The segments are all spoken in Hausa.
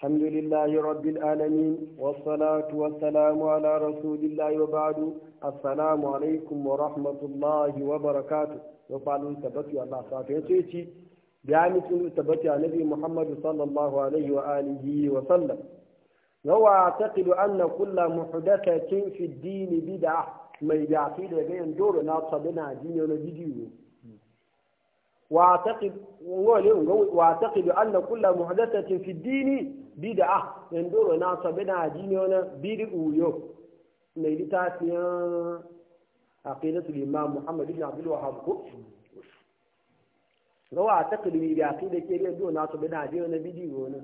الحمد لله رب العالمين والصلاة والسلام على رسول الله وبعد السلام عليكم ورحمة الله وبركاته وقالوا تبتي الله ساتيتي بيعني تبتي على نبي محمد صلى الله عليه وآله وسلم وأعتقد أن كل محدثة في الدين بدعة ما يعطي لغين دور ناصبنا دين ونجديه وأعتقد وأعتقد أن كل محدثة في الدين bid'a en ah, doro na sabi na na ne wani biri uyo mai litafiyan na imam muhammad na abdul wahhab ko rawa taqlidi bi da ke ne doro na so na ajini ona bid'u ona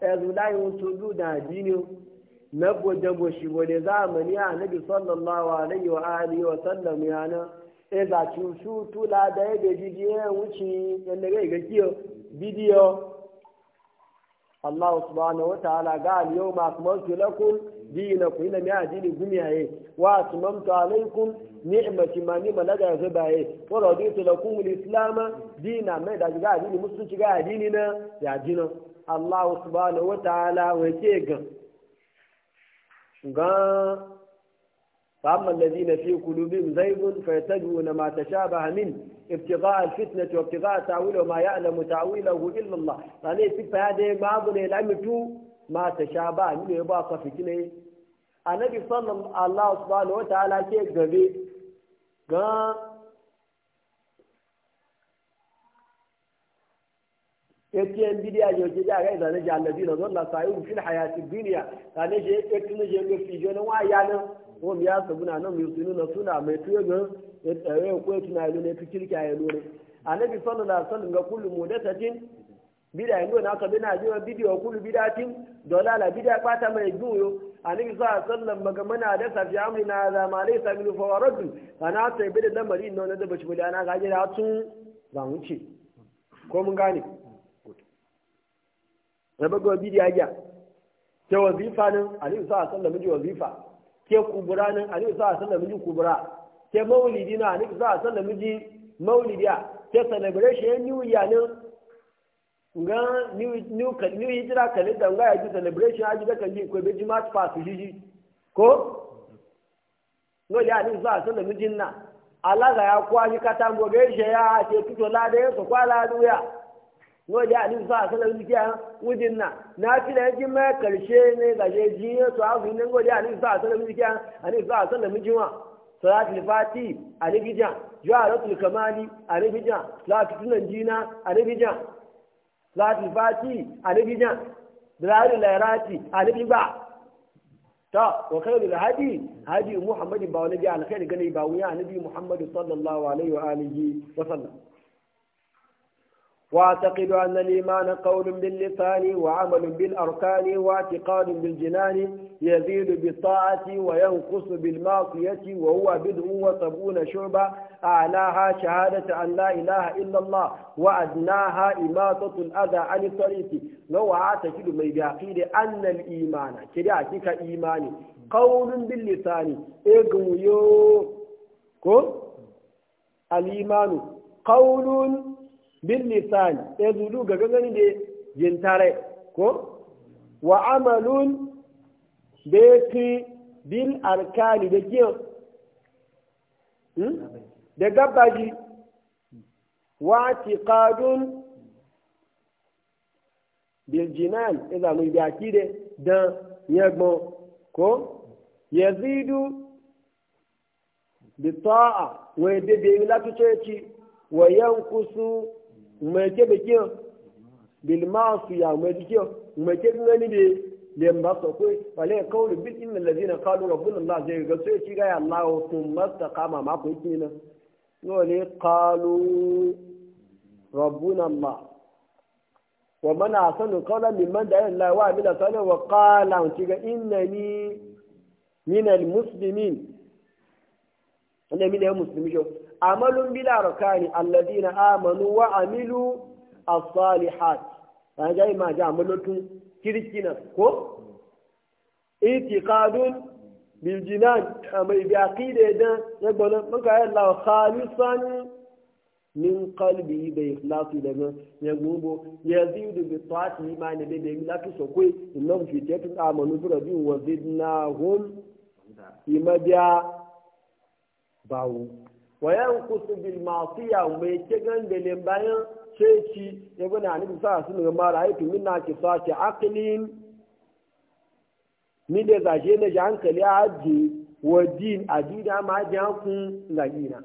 e zu dai un to du da ne na gwajen boshi wani zamani a nabi sallallahu alaihi wa alihi wa sallam yana e za ci shu tula da ya gaji je wuci yanda ga kiyo bidiyo Allah subhanahu ta'ala ga al-yawma akmaltu lakum dinakum ina mi ajili gumiyaye wa atmamtu alaykum ni'mati ma ni malaga zabaye wa raditu lakum al-islam dina mai da ga ajili ci ga ajili na ya jina Allah subhanahu ta'ala wace ga ga فأما الذين في قلوبهم زيغ فيتبعون ما تشابه منه ابتغاء الفتنة وابتغاء تعويله ما يعلم تعويله إلا الله يعني في هذا ما أظن لم ما تشابه منه يبقى فتنة النبي صلى الله سبحانه وتعالى كيف جبي قال yake bidiya yake da ga idan ji annabi na zalla sayu fil hayati dunya tane je yake ne je ga fijo na wa yana ko biya su guna nan mai sunu na suna mai tuyo ga tsare ko ya tunani ne fikir kya a na bi sallallahu alaihi wasallam ga kullu mudattatin bida yin na ka bina jiwa bidiyo kullu bidatin dolala bida bata mai juyo annabi sallallahu alaihi wasallam maga mana da safi amrina za ma lai sabilu fa waradu ta yi bida lamari no na da bashi mudana ga jira tun ba ce. ko mun gane rabago bidiya ya ta wazifa nan annabi sallallahu alaihi wasallam miji wazifa ke kubura nan a nufi a sallar miji kubura ke maulidi na a nufi sa sallar miji maulidiya ke celebration new year nan ga new hijira kalita ga ya ji celebration aji da kan ji ko beji mat fasu jiji ko no ya ni a sallar mijin na alaga ya kwaji katango gaishe ya ce fito la ya so kwala no da alim sa sala wani kiya wujin na na fi da jin ma karshe ne ga je ji to a wani nan gode alim sa sala wani kiya alim sa sala mun jima salatul fati alim bija jawaratul kamali alim bija salatul tunan jina alim bija salatul fati alim bija dalal lairati alim ba ta wa khairul hadi hadi muhammadin ba wani ga alkhairi gane ba wani annabi muhammadu sallallahu alaihi wa alihi wa sallam واعتقد أن الإيمان قول باللسان وعمل بالأركان واعتقاد بالجنان يزيد بالطاعة وينقص بالمعصية وهو بدء وسبعون شعبة أعلاها شهادة أن لا إله إلا الله وأدناها إماتة الأذى عن الطريق لو أعتقد من بعقيد أن الإيمان كذلك إيمان قول باللسان إغميو كو الإيمان قول bin nisan ya ga gangani da jintare ko wa amalun beti bil arkani da kiyan hmm? da gabaji wa tiqadun bil jinan mun bi akide da yagbon ko yazidu bi ta'a wa yadda bi wa yankusu mai ke da kiyo bil ma'asiya mai ke kiyo mai ke gani da lemba so ko wale kaulu bil innal ladina qalu rabbuna allah zai ga sai ci ga ya allah thumma taqama ma ko kina no ne qalu rabbuna allah wa man asanu qawlan mimman da'a allah wa amila salihan wa kala ci ga ni min al muslimin wanda mi yi musulmi jo amalun bil allazi na amanu wa amilu a salihat an ga ma ja amalotun kirkina ko itikadun bil a mai bi aqida da ya gbona maka ka lawa khalisan min kalbi da ikhlasi daga ya gbogbo ya zidu bi taati imani da da milatu so koi innahum fi tatu amanu bi biyu wa zidnahum imadiya bawo wa yanqusu bil ma'siya mai kigan da ne bayan sai ci ya guna ni sa su ne ma ra'aytu minna ki sati aqlin ni da zaje ne ji hankali a aji wa din adida ma ji hankun lagina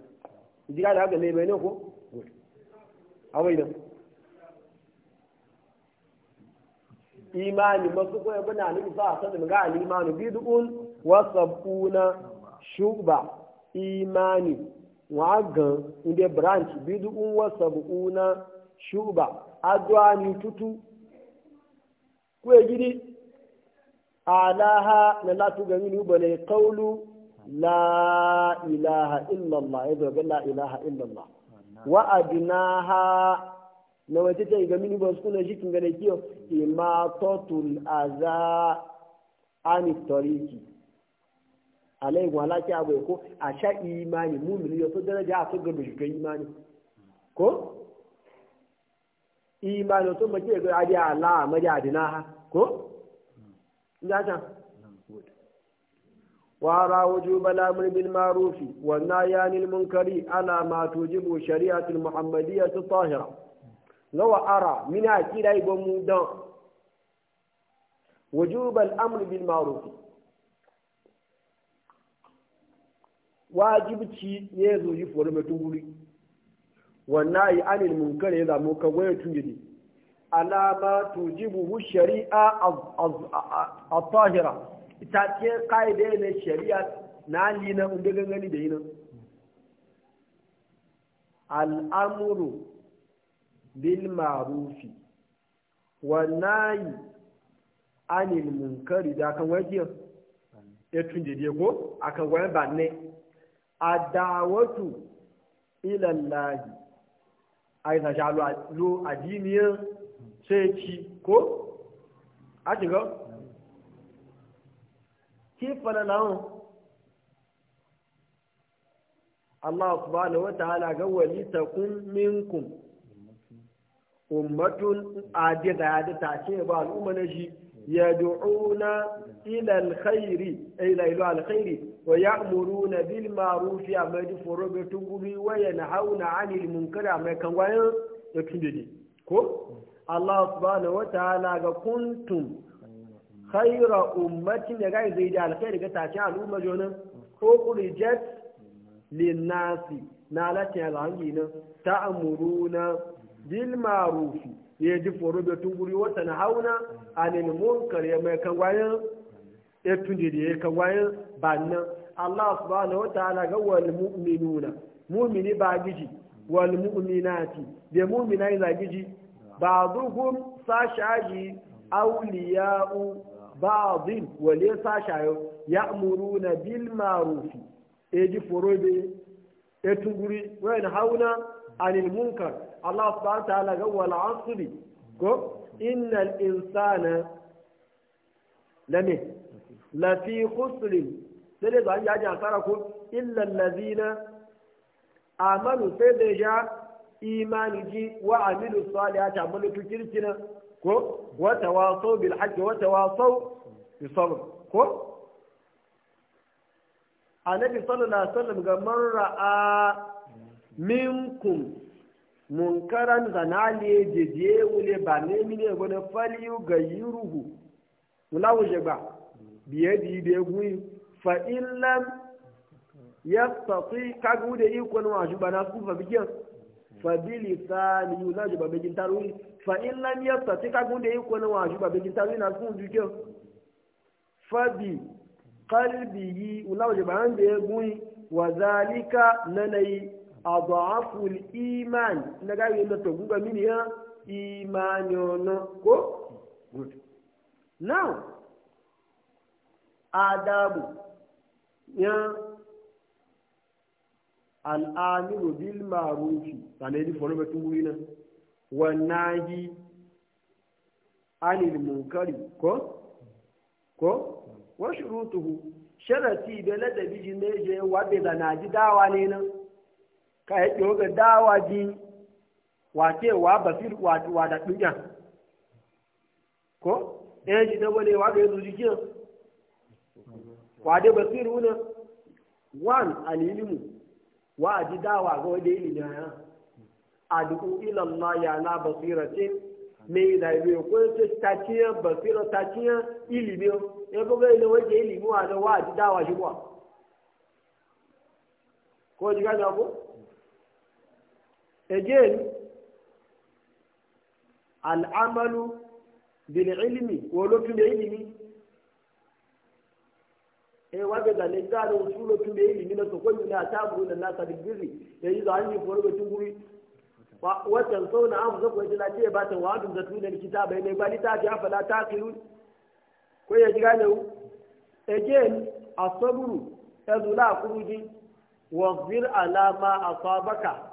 ga da haka ne mai ne ko awai da imani masu koyi bana ni sa sanin ga al'imani bidu'un bid'un wa sabuna imani wa gan inda branch bid'un wa sab'una shuba adwani tutu kwe gidi alaha na latu gani ni ubale qawlu la ilaha illa allah ido ga la ilaha illa allah wa adnaha na wace ta ga mini ba su shi kin ga da kiyo imatatul aza an tariki alayhi wa alaki abu ko a sha imani ya yato daraja a tsoga da shiga imani ko imani to ma ke ga ya ala ma ya ha? ko ina ta wa ra wujuba la mun bil ma'ruf wa nayani al munkari ala ma tujibu shari'atu al muhammadiyyah al tahira lawa ara min akira ibo mu dan wujuba al amr bil wajibci ne zo yi fuwar mai tunguri wannan yi anil munkar ya zamo ka waya tungiri alama buhu shari'a a tahira ita ce ya ne shari'a na lina inda gangani da yinan al'amuru bil marufi wannan yi anil munkari da kan wajiyar ya tungiri ko akan wayan ba ne adawatu ilallahi na yi lo adiniyar sai ci ko? a shiga? kifana lahun Allah subhanahu wa ta'ala ga wali takun minkum ummatun adida ya ta ce ba al'umma na shi yaduuna ila alkhairi ila ila alkhairi wa ya'muruna bil ma'ruf ya madu furuga tungubi wa yanhauna 'anil munkari ma kangwayo to tindidi ko Allah subhanahu wa ta'ala ga kuntun khaira ummatin ya zai da alkhairi ga tace al umma jonin ko kurijat lin nasi na lati alangina ta'muruna bil ma'ruf ya ji foro da tunguri wata na hauna anil munkar ya mai kangwayen ya tunde da ya ba bannan Allah subhanahu wa ta'ala ga wal mu'minuna mu'mini ba giji wal mu'minati da mu'minai za giji ba'dhum sashaji awliya'u ba'dhin wal sashayo ya'muruna bil ma'rufi ji foro ya etunguri wa hauna anil munkar الله سبحانه وتعالى قول العصر قل إن الإنسان لمه لفي خسر سيد أن يجي أنصاركم إلا الذين آمنوا سيد جاء إيمان جي وعملوا الصالحات عملوا في كرتنا وتواصوا بالحج وتواصوا بالصبر قل النبي صلى الله عليه وسلم قال من رأى منكم munkaran zanale jeje wule ba ne mine gona faliyu ga ruhu. wula waje ba biye di be gui fa in ya yastati ka gude ikon wa aju bana ku fa bijan fa bili sani yula ju ba be jin fa in ya yastati ka gude ikon wa aju ba be jin na ku ju fa bi qalbihi wula waje ba an be gui wa zalika nanai adhaful iman na ga yin to guga mini ya imani ono ko good now adabu ya al'amiru bil ma'rufi sane di fono betu na wannahi anil munkari ko ko wa shurutuhu sharati da ladabi ne je wa be da naji dawa ne nan ka yi ɗiyo ga dawaji wace wa basir wa da ɗunya ko ɗaya shi na wale wa ga yanzu jikin wa dai basir wuna wan alilimu wa a ji dawa ga wade ilimin ya adu'u ila Allah ya na basira ce me da ibe ko ta tatiya basira tatiya ilimi e bo ga ile waje ilimi wa da wa ji dawa shi ko ko diga da ko again al'amalu bil ilmi wo lotun da ilimi e wabe da le da da su lotun da ilimi na ne a ta buru da nasa da gizi e, da yi zan yi foro bacin guri watan sauna an zako ya jila ce ba ta wadun da tunan kitabai ne ba litafi ya fala ta kiru ko ya jira ne again asaburu yazula kuruji wa zir ma asabaka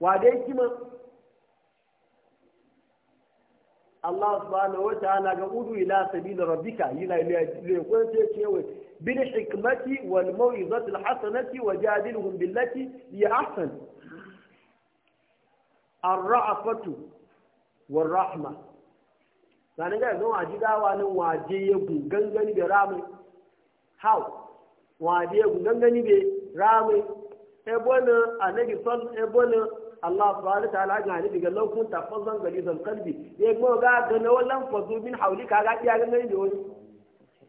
wa dai kima Allah subhanahu wa ta'ala ga udu ila sabila rabbika yana ile kun ce cewa bil hikmati wal mawizati al hasanati wajadilhum billati hi ahsan ar-ra'afatu war rahma sanin ga zan waji dawa nan waje ya gangani da ramu how waje ya gangani da ramu ebona anabi sallallahu ebona Allah subhanahu ta'ala ga ni daga lokun tafazan gari zan kalbi ya go ga ga na wallan fazu min hauli ka ga iya ga ne wani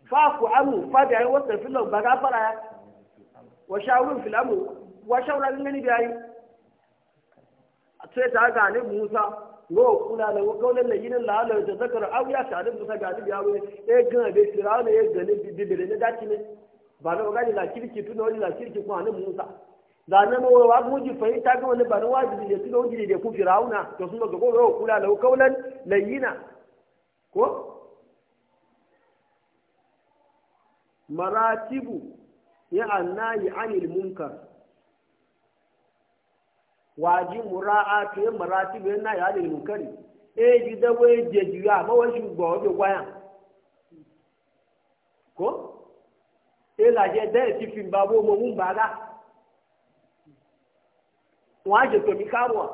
fa ku amu fa da wa tafilo ba ga fara ya wa shawrun fil amu wa shawra ga ni bai sai ta ga ni Musa go kula da kaulan layin la la da zakar aw ya ta da Musa ga ni bai wani e ga da firawna e ga ni ne da ne ba na ga ni la kirki tuna wani la kirki ni Musa zanen mawa wa guji fahimta ga wani bani wajibi da su ga wajibi da ku firauna to sun ga gogo kula lau kaulan layyina ko maratibu ya annayi anil munkar waji mura'atu ya maratibu ya nayi anil munkari e ji da wai jiya amma wai shugaba wajen wayan ko e laje da ya tifin babu mun baga wa á ṣètò mi káwọ̀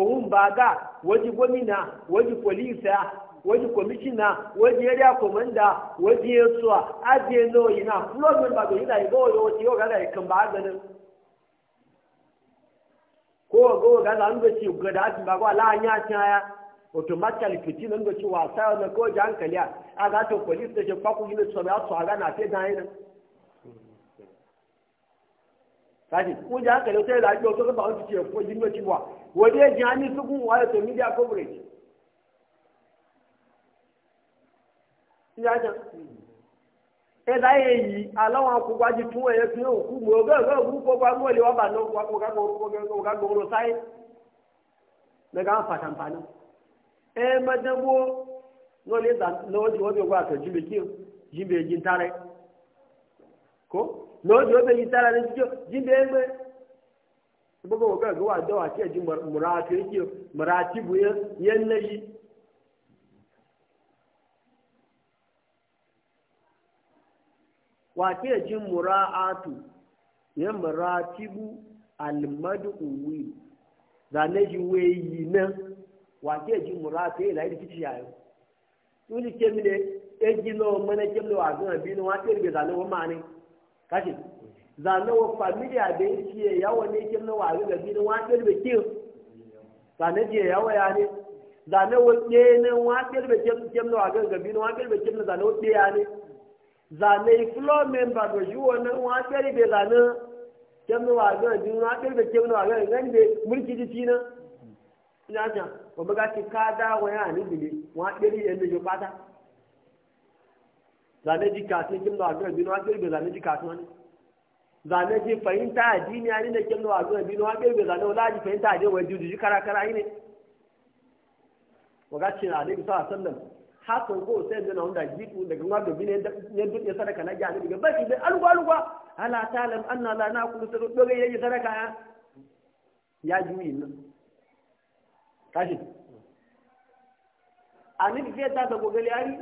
òun bàgà wọ́n di gómìnà wọ́n di pòlíìsì à wọ́n di kọmíṣínà wọ́n di area commander wọ́n di èso à á di ya òyìn náà flood member tó yí náà ìgbọ́ òyìn òtí yóò gádà ìkànnì àgbẹ̀nu. kó o automatically na ko ji a ga to police station ba ku yi so ba su aga na fe da kaji ko ja haka ne sai da ajiyo to ba wani ce ko jinwa ci ba waje jani su kun waye to media coverage ya ja e da ye yi alawa ku gwaji tun e fi o ku mo ga ga ku ko gwa mo le wa ba no wa ko ga ko ko ga ko ga go lo sai me ga fa tan panu e madabo no le da no di wo bi gwa to jimbe ki jimbe jin tare ko lọ́jọ́ ó bẹ̀yìn sára ní jíjọ́ jíde ń gbé gbogbo wọ́n kẹ́kẹ́ wà dọ́wà tí ẹ̀jú mùràtí ń jẹ́ mùràtí bu yẹn lé yìí. wà tí ẹ̀jú mùràtù yẹn mùràtí bu alimadu uwi zànẹ́jú wé yìí náà wà tí ẹ̀jú mùràtù yẹn láyé títí yà wọ́n ti kí ẹ̀mí lé ẹ̀jí náà mọ́nẹ́jẹ́ mi wà gan bí wọ́n á tẹ̀lé gbèsè àná wọ́n máa ní. kashi zane wa familia da ya ciye yawa ne kin na wari ga binin watsar da kin zane ciye yawa ya ne zane wa ɗenin watsar da kin na wari ga binin watsar da kin na zane wa ɗeya ne zane floor member da shi wannan watsar da zane kin na wari ga binin watsar da kin na wari ga ne da mulki jiki na ina jan ba ga ka kada wa ya ne ne watsar da yin da ya zane ji kasu kim da azuwa binu an kirbe zane ji kasu wani zane ji fahimta jini ya ne kim da azuwa binu an kirbe zane wala ji fahimta jini wajen jujuji kara kara ne waga ce na alaihi sallallahu alaihi wasallam hakan ko sai da wanda jiku daga ma dobi ne ya duke sadaka na gyanu daga baki da alwa alwa ala talam anna la sai sadu doge yayi sadaka ya ya juyi nan kashi anin fiye ta da gogale ari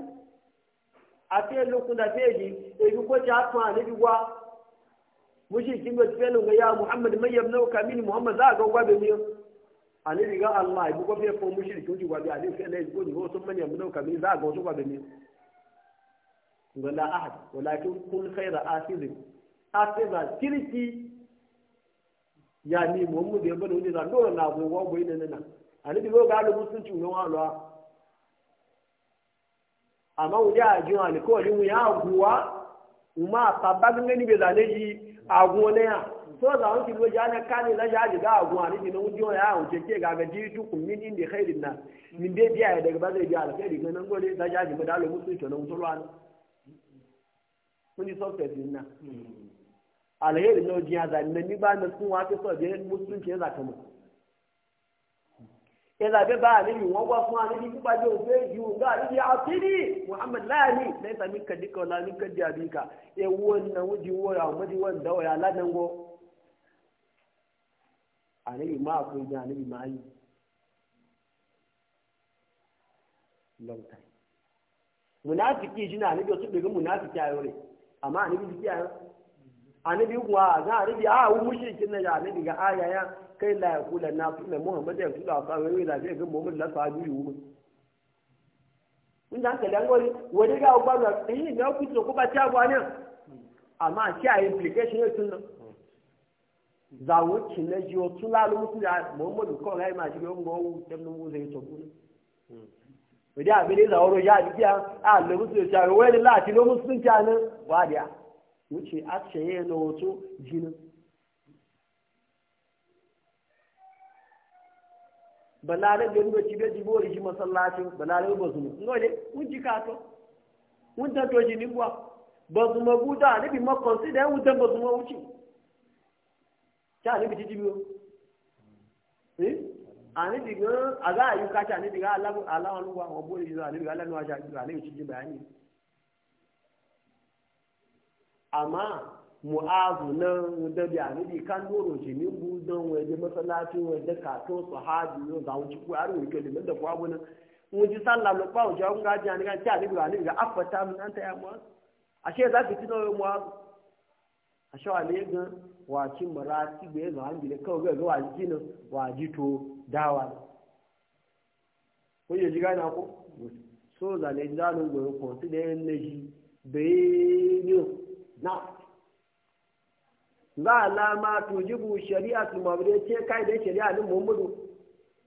ate lokunda feji ebi ko ta tuma ne wa mushi kin ga tselo ga ya muhammad mai yabna ka muhammad za ga gwa be mi ga allah ibu ko fe fo mushi ko gwa bi ani fe ne ko ni ko sun manya mun ka min za ga to gwa be mi ahad walakin kun khaira asirin asirin kirki ya ni muhammad ya bana wani za dole na zo gwa boye nan nan ani bi ga alu amma wuje a jin alkawalin mu ya guwa ma babba gangani bai ne shi a ne ya so za wani kilo ja na kane na ja ga a ne ne na wuje ya wuce ke ga gaji tu kun min inda khairin na min dai biya daga ba zai biya alkhairi ga nan gode za ja ji ba dalo musu to na musulwa ne kun ji software din na alheri na wajen ya na ni ba na sun wafe so biyan musulunci ya zaka mu ẹlàbẹ́ bá àlejò wọ́n wá fún àlejò púpàjọ òfin ju ọ̀gá àlejò àtìrí muhammed láàní lẹ́sà mi kàdíkà ọ̀la mi kàdí àbíkà ewu ọ̀nà wọ́n di wọ́ọ̀rọ̀ àwọn ọmọdé wọ́n dá ọ̀yà aládàngọ́ àlejò máa kó ní àlejò máa yí long time munafiki shi na àlejò tó munafiki kai la ya kula na sunna muhammad ya kula fa wai la sai ga muhammad la fa bi yu mun da kalan gori wani ga ba na eh na ku to ku ba ta ba ne amma a implication ne sunna za wuce na jiyo tun lalu mutu da muhammadu ko ga ma shi ga mu dan mu zai to ku ìdí àbílẹ̀ ìzàwọ́rọ̀ yá àdìdí à lè mùsùlùmí balare da ruwa ci gaji bori shi masallacin balare ba su ngole mun ji ka to mun ta to jini bua ba su ma guda ne bi ma consider mun ta ba su ma wuci ta ne bi ji biyo eh ani bi ga aga ayu ka ta ne bi ga Allah Allah wa ruwa wa bori zuwa ne bi ga Allah wa ja ne bi ci ji bayani amma mu'azu na da bi anabi kan doro ce min budan waje masallacin waje kato sahabi yau da wuce ku ke da da kwa bunan mu ji sallah lo ba wuce kun gaji an ga ta anabi anabi ga afata ya mu'azu ashe za ki tino wa ne ga wa ci marati be gile ga wa ji no wa ji to dawa ko ye ji ko so ne go ko za alama tujibu shari'atu mabudi ce kai da shari'a din muhammadu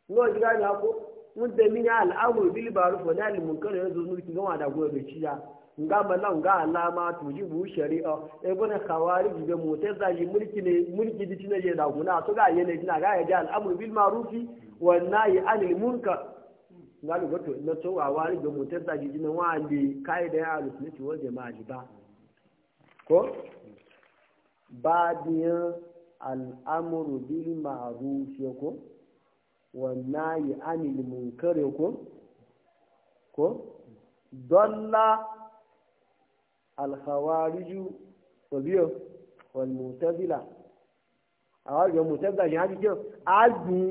no jira ni ko mun da min al'amru bil ma'ruf wa nahy munkar yanzu mun kin gama da gobe na nga mala nga alama tujibu shari'a ibn khawarij da mutaza ji mulki ne mulki di tina da to ga yene tina ga ya al'amru bil ma'rufi wa nahy anil munkar nga lu na to wa wari da ji ne wa ali kai da ya alusunnati jama'a ba babiyan al'amuru bil ma'ruf ko wannan yi anil munkare ko ko dalla alkhawariju wabiyo wal mutazila àwọn yóò mutazila yìí hajj jẹ́ adùn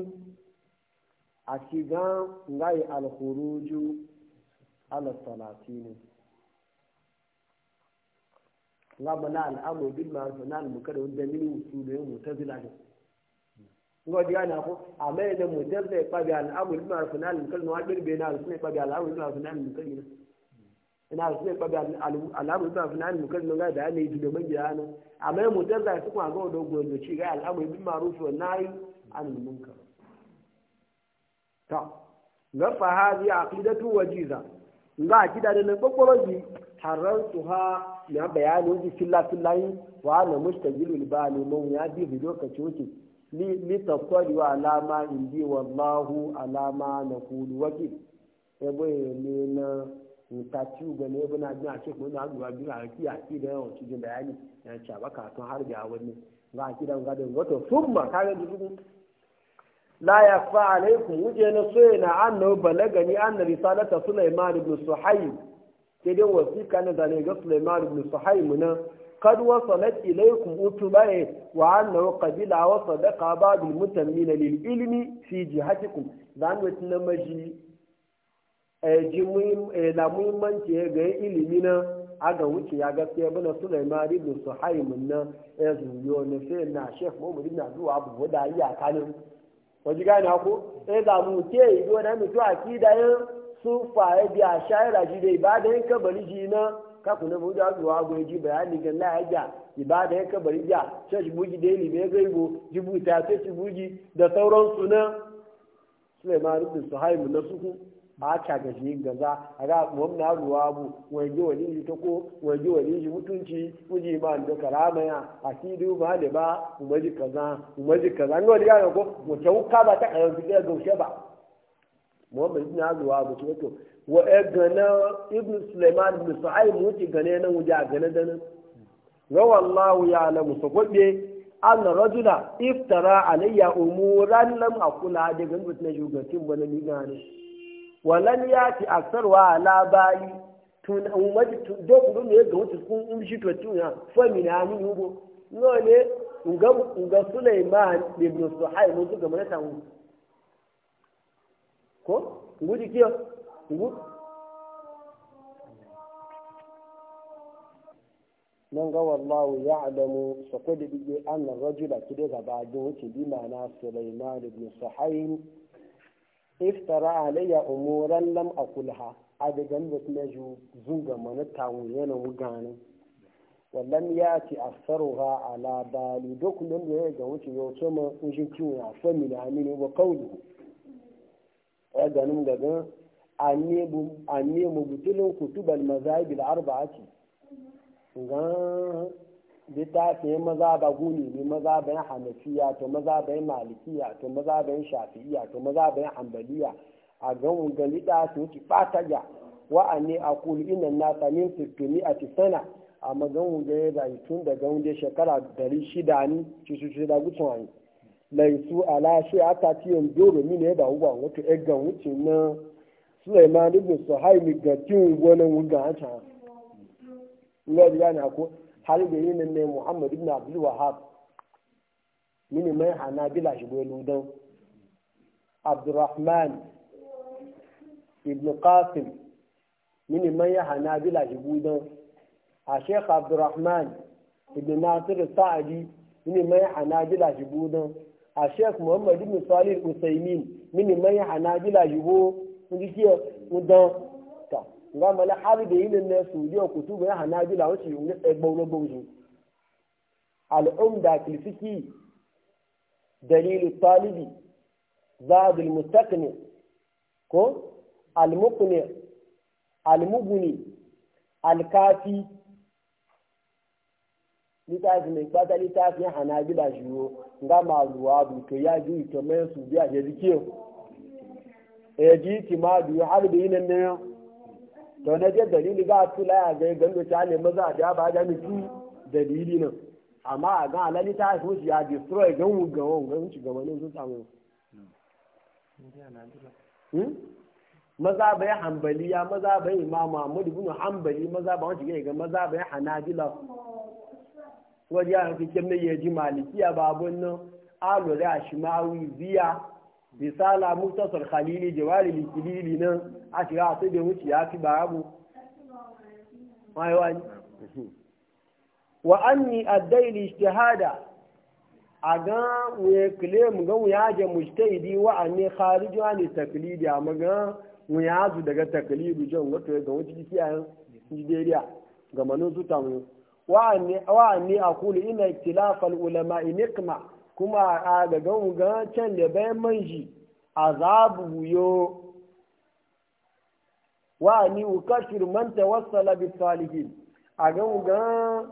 a gan ngáyé alkhuruju alasalati ni. nga mana al'amur bil ma'ruf na al munkar da min usulun mu'tazila ne ngo diga na ko amma idan mu'tazila ba bi al'amur bil ma'ruf na al munkar no albir bayna al sunna ba bi al'amur bil ma'ruf na al munkar ne ina sunna ba bi al'amur bil ma'ruf na al munkar no ga da ne ji domin ya no amma mu'tazila su kuma ga do gondo ci ga al'amur bil ma'ruf wa nahi an munkar ta ga fa hadi aqidatu wajiza nga gida da nan kokoro ji haran su ha ya bayani ji filla fillayi wa na mustajilu ba ne mun ya bi bi ka coke Ni li wa alama indi wallahu alama na kulu wakil e boye ne na mutati ga ne bana jin a ce ko na gura bi a ki a ki da yawan cikin bayani ya ce ba ka tun har ga wani ga gidan gadon wato summa ka ga لا يخفى alaikum wuje na عنه na annahu رسالة anna بن sulaiman كده suhaib sai dai wasiƙa na zane ga قد وصلت إليكم na kad قد لا utubaye wa annahu qabila في جهتكم ba'd تنمجي mutammin lil ilmi ga ilimi na aga wuce ya gaskiya bana sulaiman ibn suhaib nan ya zuyo na sai na shekh muhammad ibn abdul wahab wada iya kanin waji gane ko sai ga mu ke ido na mutu a kidayen su faye biya shayara shi da yin kabari ji na kaku na buɗe zuwa goyi ji bayani ga na ya yin kabari ja shashi buji da ili mai gaibo jibuta sai shi buji da sauransu na rufin su haimu na suku ba ta gaji gaza a ga na ruwa bu waje wani ji ta ko waje wani ji mutunci kuji ma da karamaya a sidu ba da ba umaji kaza umaji kaza ne wani gane ko wace wuka ba ta kayan ga gaushe ba ji na ruwa bu ce to wa e gana ibn suleiman ibn sa'ai mu ci gane nan wuje a gane da nan ga wallahu ya la mu kwaɗe an rajula iftara alayya umuran lam aqula daga mutum na shugabancin ni gane walan ya ci aksarwa labari tun umaji do don ne ga wuce kun in shi to tunya fami na ni yugo no ne nga nga Sulaiman ibn suhay mun ga mun ta tan ko nguji kiyo ngu nan ga wallahu ya'lamu saqad bi anna ar-rajula kide gaba don wuce bi ma'ana Sulaiman ibn suhay iftara alayya umuran lam akulha a da gan da kuma ju zunga mana tawo yana mugani wallan ya ci asaruha ala bali duk nan da ya ga wuce yau so ma ujin kiwo ya fa mi da amini wa qawli ya ganin daga anne mu butulun kutubal mazahib al arba'ati ngan littafin ba guni ne mazabin hanafiya to mazabin malikiya to mazabin shafi'iya to mazabin hambaliya a gan ga littafin ki fataja wa anni aqulu inna nasa min sittuni ati sana amma gan wuga ya zai tun da gan shekara dari shida ni ci su da gutsun ani laisu ala shi aka ci yan doro mini ya ba wuga wato e gan wuce na Sulaiman ibn Suhaimi ga tin gonan wuga a can. Ngadi yana ko hali da yi nan ne muhammadu na abdul wahab mini mai hana bila shi bai ludan abdurrahman ibn qasim mini mai hana bila shi budan a sheikh abdurrahman ibn nasir sa'adi mini mai hana bila shi budan a sheikh muhammad ibn salih usaimin mini mai hana bila shi budan nga mala hali da yin ne su je ku tu ga hana ji da wuce ne e gbauro gbauro al umda kilfiki dalil talibi zad al mustaqni ko al muqni al mubni al kafi litafi mai gbata litafi hana ji da shiwo nga ma ruwa bu to ya ji to mai su biya je dike e ji ti ma du har da yin na to na je dalili ga tula ya ga gando ta ne maza da ba ga miki dalili nan amma a ga alali ta so shi ya destroy ga mu ga won ga mun ci gaba ne sun samu hmm? maza bai ya maza bai imamu ahmad ibn hanbali maza ba wani ga maza bai hanabila wajen yankin kemne ya ji malikiya babun nan alura shimawi biya misala muktasar khalili jawali likilili nan a shiga a sai da wuce ya fi babu. maiwani wa anni addaili ijtihada a ga wuye claim ga wuya je mujtahidi wa anni khariju an taklidi amma ga wuya zu daga taklidi jon wato ga wuce kiyaye Nigeria ga manon su tamu wa anni wa anni aqulu inna ikhtilafa al ulama nikma kuma a daga wugan can da bayan manji zabu yo wa ni ukashir man tawassala bi salihin a ga wugan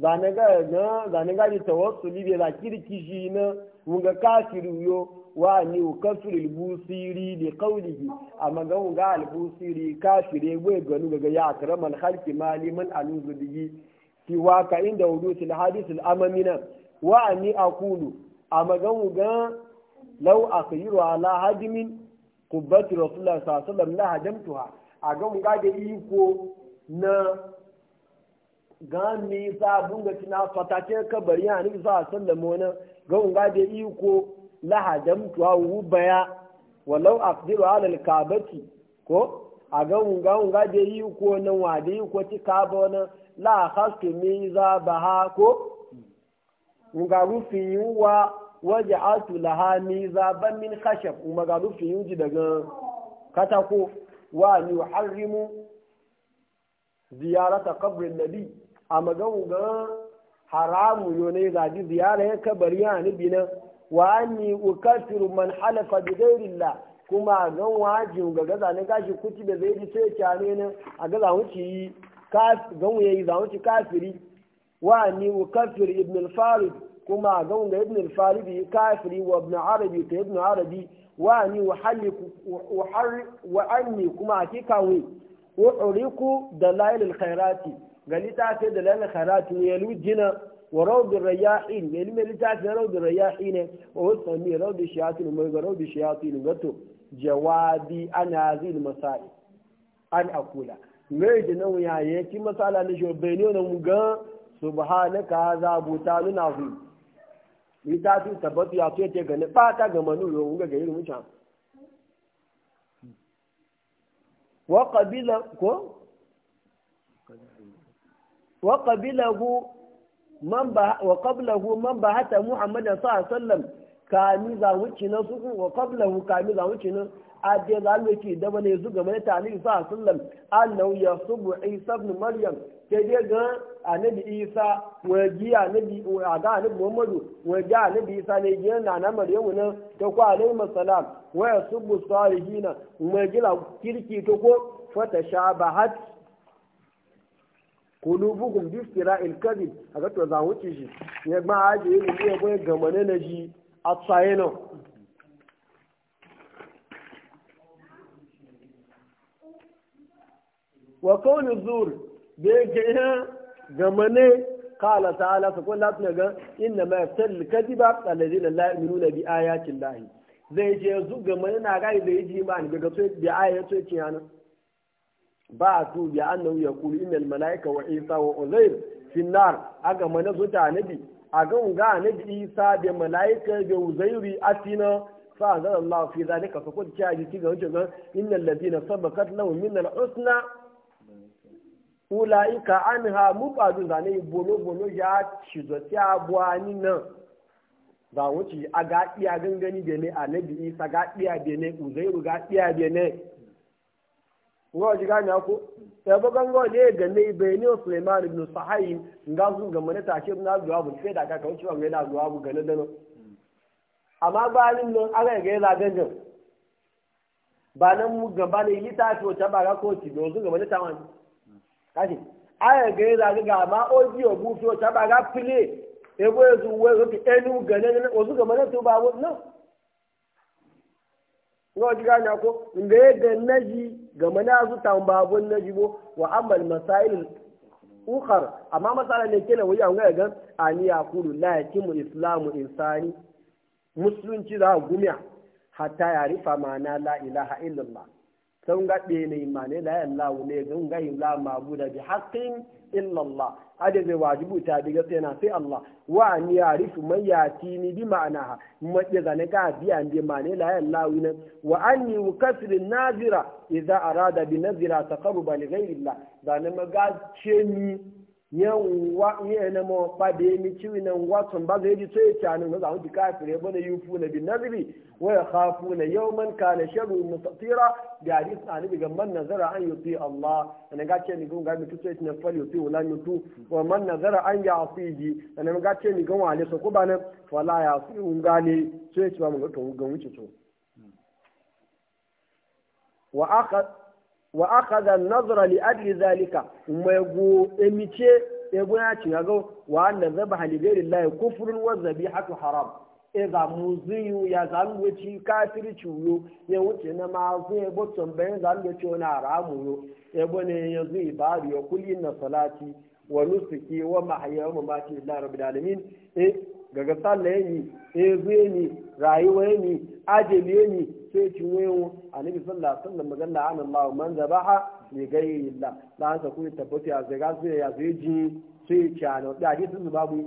zane ga ga zane ga ni tawassuli da kirki shi na wuga kafir yo wa ni ukashir al-busiri bi qawlihi amma ga wuga al-busiri kafire gwe ganu ga ya karamal khalqi maliman aluzu bihi waka inda wudusil hadith al-amamina wa ni aqulu a maganu mu ga law akhiru ala hadimin kubbati rasulullah sallallahu alaihi wasallam la hadamtuha a ga mu ga da iko na gami sabon bunga tina fatace kabari a nufi sa sallam wani ga mu ga da iko la hadamtuha wubaya walau aqdiru ala alkabati ko a ga mu ga mu ga da iko na wa iko ti kaba wani la khastu mi za baha ko nga rufin yiwuwa waje atu lahami zaben min khashab kuma ga rufin ji daga katako wa ni harrimu ziyarata kabrin nabi a magan ga haramu yo ne zaji ziyara ya kabari ya nabi nan wa ni ukasiru man halafa bi ghairillah kuma ga wajin ga gaza ne gashi kuti da zai ji sai ne a gaza wuci ka gan yayi za wuci kafiri wa ni mukaffir ibn al-farid kuma ga wanda ibn al-farid kafiri wa ibn arabi ta ibn arabi wa ni wa anni kuma hakika wi wa uriku dalail al-khairati gali ta ce dalail al-khairati ne yalu jina wa rawd ar-riyahin ne mai ta ce rawd ar-riyahin wa sami rawd ash-shayatin mai ga rawd ash-shayatin gato jawabi ana zil masail an akula mai jinan ya yake masala ne shi bai ne mu ga subhanaka buta nuna azim ni ta fi tabbatu ya ce ga ni fata ga manu yo ga ga irin mutan wa qabila ko wa qabilahu man ba wa qablahu man ba hata muhammadan sallallahu alaihi wasallam kami za wuce na su wa qablahu kami za wuce na ade za mu ci da bane su ga mai talib sallallahu alaihi wasallam annahu yasubu isa ibn maryam ke dai ga annabi isa waji annabi aga annabi muhammadu waji annabi isa ne giyan na na maryamu nan ta ku alaihi masalam wa yasubbu salihina waji la kirki to ko fata shabahat kulubukum bi istira'il kadhib aga to za wuce shi ya ma aje ne ne ko gamane na ji a tsaye wa qawlu zur bai ga kala ta ta'ala fa kullu na ga inna ma yaftal kadiba alladhina la yu'minuna bi ayati lahi. zai je game ne na ga zai ji ma ni ga to bi ayati to kiyana ba tu bi ya kuri innal malaika wa isa wa uzair fi a aga mana zuta nabi ga unga nabi isa bi malaika bi uzairi tina fa zan allah fi zalika fa kullu ta'ala ji ga wancan innal na sabaqat lahum min al usna ula'ika an ha mubadun zane bolo-bolo ya shizo ti abuwa ni na. za wuce a ga iya gangani da ne isa ga iya da ne uzairu ga iya da ne gani ako ya ba gango ne ga ne bayani Sulaiman ibn Sahayi nga sun ga mana take na zuwa bu sai da ka kawo ciwon ga na zuwa bu ga amma nan aga ga gangan ba nan mu gaba ne wata ba ga ga mana tawani kashi aya ga za ga ga ma audio bu ta ba ga play e bo we zo ti enu gane ne o ga mana to ba wo no ngo ji ga na ko nge ga naji ga mana zu ta ba bo naji bo wa amal masail ukhar amma masala ne kele wai an ga ga ani la yakimu islamu insani musulunci za gumiya hatta ya rifa ma'ana la ilaha illallah sun ga ɗene imane la yallahu ne sun ga illa mabuda bi haqqin illallah Allah hada zai wajibu ta diga sai na sai Allah wa ni yarifu man yatini bi ma'anaha mace zane ka biya bi mane la lawi ne wa anni ukasiru nazira idza arada bi nazira taqarruba li ghayri Allah zane maga ce ni yawa yi na ma fade mi ciwi nan watson ba zai ji sai ta nan za mu ji kafire bane yufu na bin nazri wa yakhafu na yawman kana sharu mustatira da hadis ani bi gamman nazara an yuti Allah da na gace ni gunga mi tuce ne fal yuti wala yutu wa man nazara an ya'siji da na gace ni gun wale so ba nan fala ya su gunga ne sai ci ba mu ga wuce to wa wa akaza an-nazra li ajli zalika umaygu emice ebo ya ci gago wa anna zaba li lai kufurin kufrun wa zabihatu haram E eza muziyu ya zanwe ci kafiri ciwo ya wuce na zo ebo tambayin zanwe ci wani haramu yo ebo ne yanzu ibari ya kulli na salati wa nusuki wa mahaya wa mamaki lillahi rabbil alamin e gaga sallaye ni ezuye ni rayuwaye ni ajeliye ni sai ci wayo annabi sallallahu alaihi wasallam magana an Allah man zabaha li ghayri Allah dan sa ku tabbati a zaga sai ya sai ji sai ci ana da ji sun babu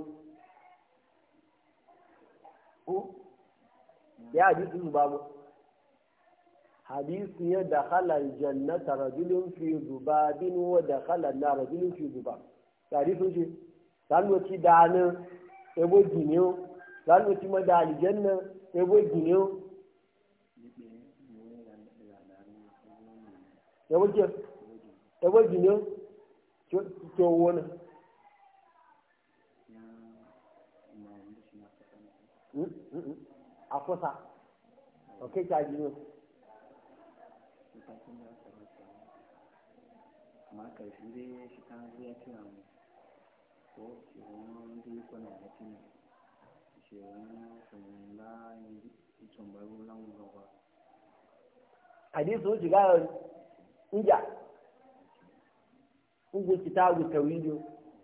ko ya ji sun babu hadisi ya dakhala jannata rajulun fi zubabin wa dakhala an-nar rajulun fi zubab hadisin shi dan wuci danin ebo ginio, zanu ma da aljanna ebo ginio, ebo je ebo to wona okay ta ma shi ya ಶಿವನಿಗೆ ಕೊನೆಯತಿನ ಶಿವನ ಸುಮ್ಮನ ಇಚ್ಚೊಂಬರುಲ್ಲ ಮುಗವ hadisu shiga inja ugu kitabu tawidu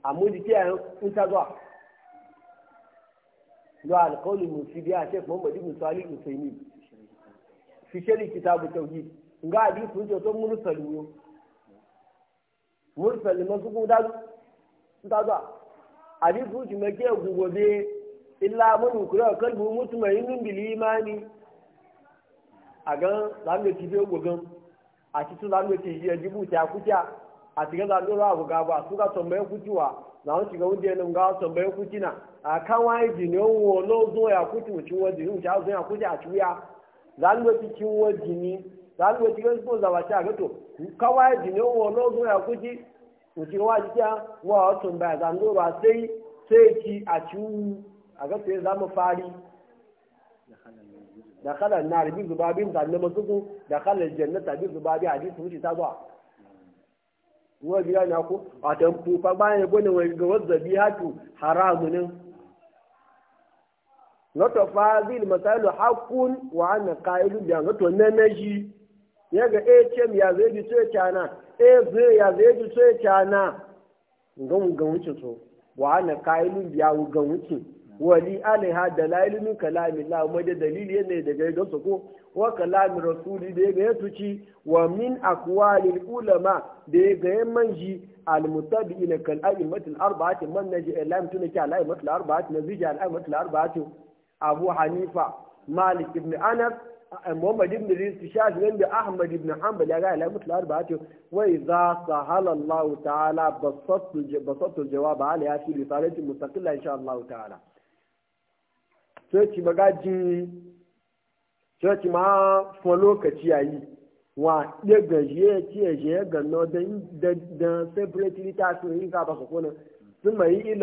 amudi kiyaye in ta zuwa zuwa alkawli musidi a shek musu musali usaini fi shari kitabu tauhid nga hadisu wuce sun mursalu mursalu masu guda zuwa abi ku ji make gobe illa mun kura kalbu mutmainin bil imani a gan zamu ci be gogan a ci tun zamu ci ya jibu ta kuta a tiga zamu ra go ba su ga tambaye kutuwa na won ci ga wunde nan ga tambaye kutina a kan ji ya kutu ci zo ya a ji ni ga a ga to kawai ji ya kuti mutum wa jikiya wa watan baya zango ba sai sai ki a ciwu a ga sai zamu fari da kalan na rabin zubabin da na mazuku da kalan jannata bin zubabi hadisi wuce ta zuwa wa biya na ku a tan kufa bayan gona wai ga wazzabi hatu haramun lot of fazil masalu haqqun wa anna qailun bi an to nan shi ya ga hm ya zai ji ce cana az ya zai ji ya cana ga ga wuce to wa ana kailun biya ga wuce wali alaiha dalailun kalami la mu da dalili yana daga ga su ko wa kalami rasuli da ga yatuci wa min aqwalil ulama da ga manji al mutabi'in kal a'immat al arba'at man naji ilam tunaki al a'immat al arba'at naji al a'immat al arba'at abu hanifa malik ibn anas Muhammad ibn Idris Shafi nan da Ahmad ibn Hanbal ya ga alamut al-arba'a ce wa idza sahala ta'ala basattu ala ya fi risalati mustaqilla insha Allah ta'ala sai magaji sai ma fo lokaci yayi wa ya gaje ya ce ya da da separate ta su ka ba ko mai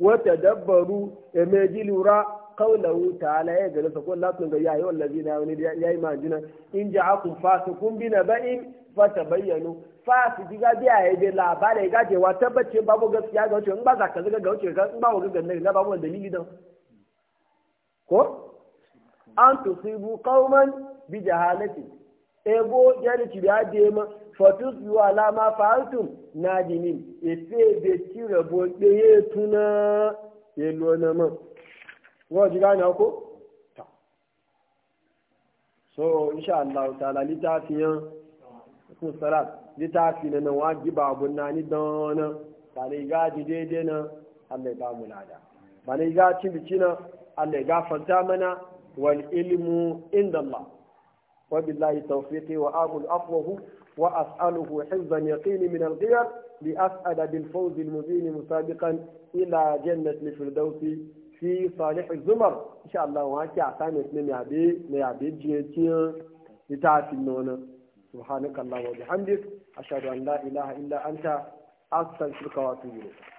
wata dabbaru e lura qawluhu ta'ala ya ga sa ko la tun ga ya yi wallazi na wani ya yi majina in ja'akum fasikun bi naba'in fatabayyanu fasiki ga biya ya da labari ga je wa tabbace babu gaskiya ga wuce in ba za ka ga wuce ga in ba ga ganna ga babu dalili dan ko an tusibu qauman bi jahalati ebo jarici da de ma fatus yu ala ma fa'altum najimin ife be ti rabo de tuna yelo na ma wọ́n ti gane ko ta so insha Allah ta'ala litafiyan kun salat litafi na nan wajiba abun na ni don nan ba ne ga ji daidai na Allah ya ba mu lada ba ne ga ci bici na Allah ya gafarta mana wal ilmu inda Allah wa billahi tawfiqi wa aqul afwahu wa as'aluhu hizban yaqini min al-ghiyab li as'ada bil fawz al-mubin musabiqan ila jannati al-firdausi fi salih zumar insha Allah wa ki assignment ne mai abe jiye abe ita fi nona subhanakallahumma wa bihamdik ashhadu an la ilaha illa anta astaghfiruka wa atubu ilayk